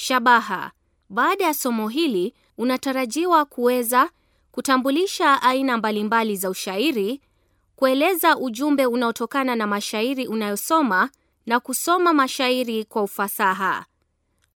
Shabaha: baada ya somo hili unatarajiwa kuweza kutambulisha aina mbalimbali za ushairi, kueleza ujumbe unaotokana na mashairi unayosoma na kusoma mashairi kwa ufasaha.